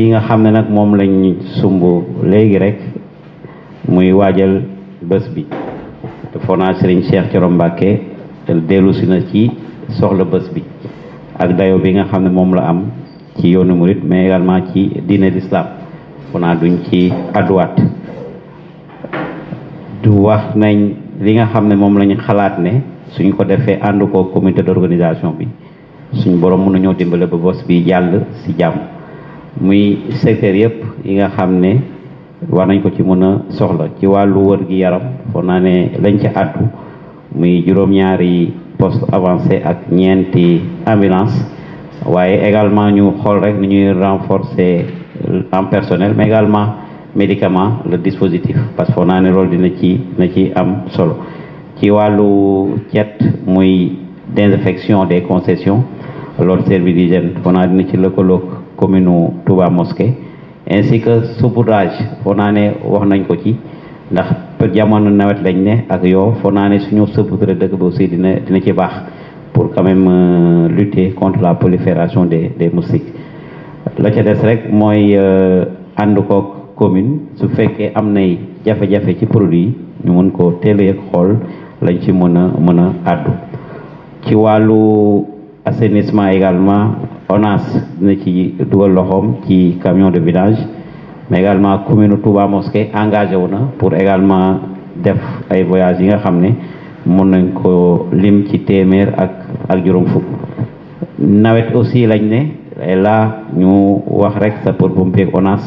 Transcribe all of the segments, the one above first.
yi nga xam ne nag moom lañ sumb léegi rek muy waajal bés bi te foona Serigne Cheikh Thioro Mbacké dellusi na ci soxla bës bi ak dayo bi nga xam ne moom la am ci yoonu murit mais également ci diine l'islam foona duñ ci adduwaat du nañ li nga xam ne moom lañ xalaat ne suñ ko defee ànd ko comité d'organisation bi suñ boroom mën na ñëw dimbale ba bés bi jàll ci jàmm muy secteur yëpp yi nga xam ne war nañ ko ci mën a soxla ci wàllu wër gi yaram foog naa ne lañ ci àddu muy juróom-ñaari poste avancé ak ñeenti ambulance waaye également ñu xool rek ni ñuy renforcer en personnel mais également médicament la dispositif parce que foog naa ne loolu dina ci dina ci am solo ci wàllu cet muy désinfection des concessions loolu service d'hygiène foog naa dina ci lëkkaloog commune Touba Mosquée ainsi que saupoudrage foo naa ne wax nañ ko ci ndax jamono nawet lañ ne ak yow foo naa ne suñu saupoudre dëkk bi aussi dina dina ci baax pour quand même euh, lutter contre la prolifération des des moustiques la ca des rek mooy euh, ànd koog commune su fekkee am nay jafe-jafe ci produit ñu mën ko teel xool lañ ci mën a mën a àddu ci wàllu assainissement également ONAS dina ci dugal loxoom ci camion de village mais également commune Touba Mosquée engagé wu na pour également def ay voyages yi nga xam ne mun nañ ko lim ci téeméer ak ak juróom fukk nawet aussi lañ ne et là ñu wax rek sapeurs-pompiers ak ONAS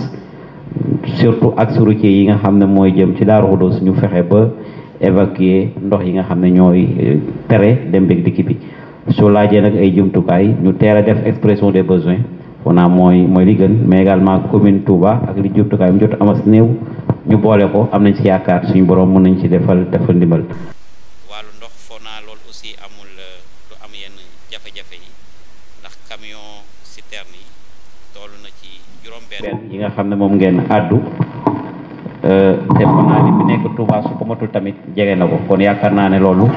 surtout ak routier yi nga xam ne mooy jëm ci Daaru Xudoos ñu fexe ba évacuer ndox yi nga xam ne ñooy tere dem beeg dikki bi soo laajee nag ay jumtukaay ñu teel a def expression des besoins on mooy mooy li gën mais également commune Touba ak li jumtukaay mu jot amas néew ñu boole ko am nañ ci yaakaar suñu boroom mën nañ ci defal defal ndimbal. wàllu ndox foo naa loolu aussi amul euh, du am yenn jafe-jafe yi ndax camion citerne yi toll na ci juróom-benn yi nga xam ne moom ngeen àddu. defoon euh, naa ni bu nekk Touba su ko matul tamit jege na ko kon yaakaar naa ne loolu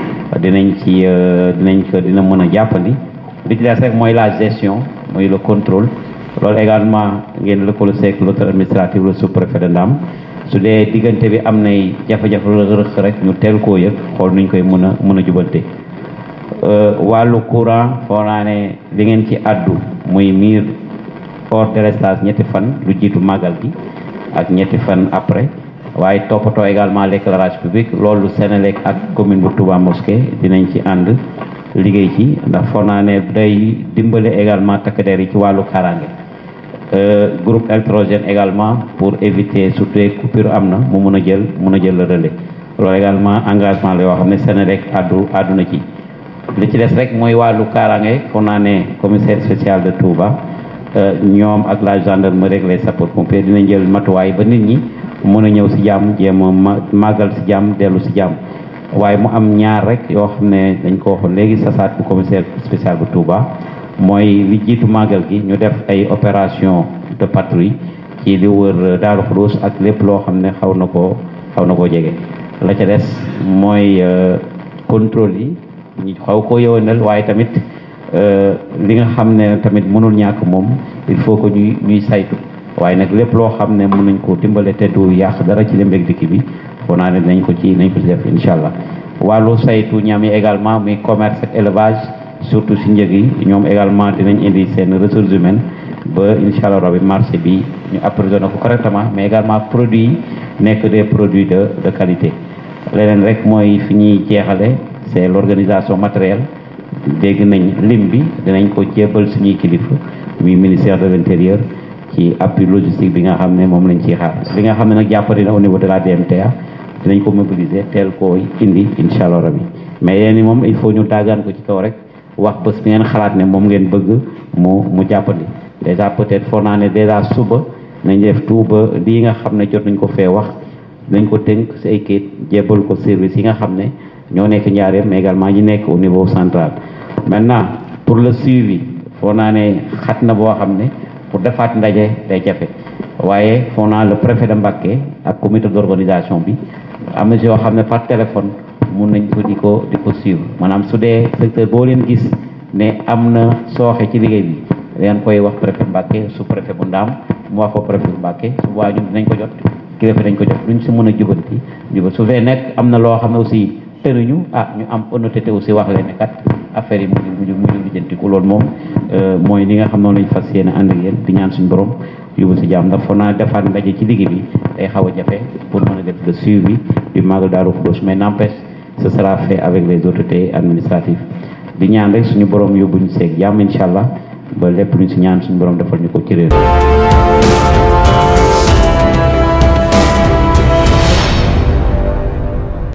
dinañ ci euh, dinañ ko dina mën a jàppandi lu ci des rek mooy la gestion mooy le contrôle loolu également ngeen lëkkaloo seeg l'autorité administrative le de Ndam su dee diggante bi am nay jafe-jafe rëq rek ñu koo yëg xool koy mën a mën a jubante euh, wàllu courant foo naa ngeen ci àddu muy miir hors ñetti fan lu jiitu màggal gi ak ñetti fan après waaye toppatoo également l'éclairage public loolu Sénélec ak commune bu Touba Mosquée dinañ ci ànd liggéey ci ndax foog naa ne day dimbale également takk yi ci wàllu kaaraange euh, groupe électrogène également pour éviter surtout coupure am na mu mun a jël mun a jël le relais loolu également engagement la yoo xam ne Sénélec addu àdduna ci li ci des rek mooy wàllu kaaraange foog naa ne commissaire spécial de Touba. Euh, ñoom ak la gendarmerie ak les sapeurs pompiers dinañ jël matuwaay ba nit ñi mën a ñëw si jàmm jéem a màggal si jàmm dellu si jàmm waaye mu am ñaar rek yoo xam ne dañ ko waxoon léegi sasaat bu commissaire spécial bu Touba mooy li jiitu màggal gi ñu def ay opération de patrouille ci li wër Daaru Xudoos ak lépp loo xam ne xaw na koo xaw na koo jege la ca des mooy euh, contrôle yi ñu xaw koo yëwanal waaye tamit Euh, li nga xam ne tamit mënul ñàkk moom il faut que ñuy ñuy saytu waaye nag lépp loo xam ne mën nañ koo dimbale te du yàq dara ci dembeeg dikk bi foo naa ne nañ ko ci nañ ko ci def incha allah wàllu saytu ñam yi également muy commerce ak élevage surtout si njëg yi ñoom également dinañ indi seen ressources humaines ba incha allah rabi marché bi ñu approvisionné ko correctement mais également produits nekk des produits de qualité leneen rek mooy fi ñuy jeexale c'est l'organisation matérielle dégg nañ lim bi danañ ko jébbal suñuy kilifa muy ministère de l'intérieur ci appui logistique bi nga xam ne moom lañ ciy xaar li nga xam ne nag jàppandi na au niveau de la DMTA dinañ ko mobiliser teel koo indi incha allah rabi mais yéen moom il faut ñu daagaan ko ci kaw rek wax bés bi ngeen xalaat ne moom ngeen bëgg mu mu jàppandi dèjà peut-être foo naa ne dèjà suba nañ def ba lii nga xam ne jot nañ ko fee wax dañ ko tënk si ay kayit jébbal ko service yi nga xam ne ñoo nekk njaareem mais également ñi nekk au niveau central maintenant pour le suivi foo naa ne xat na boo xam ne pour defaat ndaje day jafe waaye foo naa la préfet de Mbacké ak comité d'organisation bi am na si yoo xam ne par téléphone mun nañ ko di ko di maanaam su dee secteur boo leen gis ne am na sooxe ci liggéey bi leen koy wax préfet Mbacké su préfet bu ndaam mu wax ko préfet Mbacké su waa ñun dinañ ko jot kilifa dañ ko jot ñu si mën a jubanti juba su fee nekk am na loo xam ne aussi ñu ah ñu am honnêteté aussi wax leen kat affaire yi mujj mujj mujj lijjantiku loolu moom euh, mooy li nga xam noonu lañ fas yéene ànd ak yéen di ñaan suñu borom yóbbu si jàmm ndax foo naa defaat ndaje ci liggéey bi day xaw a jafe pour mën a def le suivi du Magal Darou Khoudoss mais n'empêche ce sera fait avec les autorités administratives di ñaan rek suñu borom yóbbuñu seeg jàmm incha allah ba lépp luñ si ñaan suñu borom defal ñu ko ci réew